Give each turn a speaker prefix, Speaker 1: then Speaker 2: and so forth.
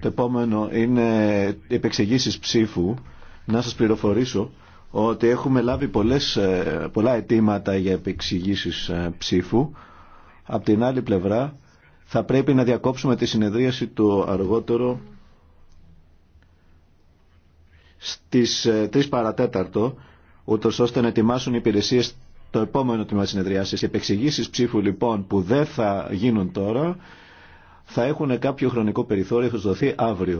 Speaker 1: Το επόμενο είναι επεξηγήσει ψήφου. Να σα πληροφορήσω ότι έχουμε λάβει πολλές, ε, πολλά αιτήματα για επεξηγήσει ε, ψήφου. Απ' την άλλη πλευρά θα πρέπει να διακόψουμε τη συνεδρίαση το αργότερο στις 3 ε, παρατέταρτο ούτω ώστε να ετοιμάσουν οι υπηρεσίε το επόμενο τμήμα συνεδριάσεις. Οι επεξηγήσεις ψήφου λοιπόν που δεν θα γίνουν τώρα θα έχουν κάποιο χρονικό περιθώριο, θα δοθεί αύριο.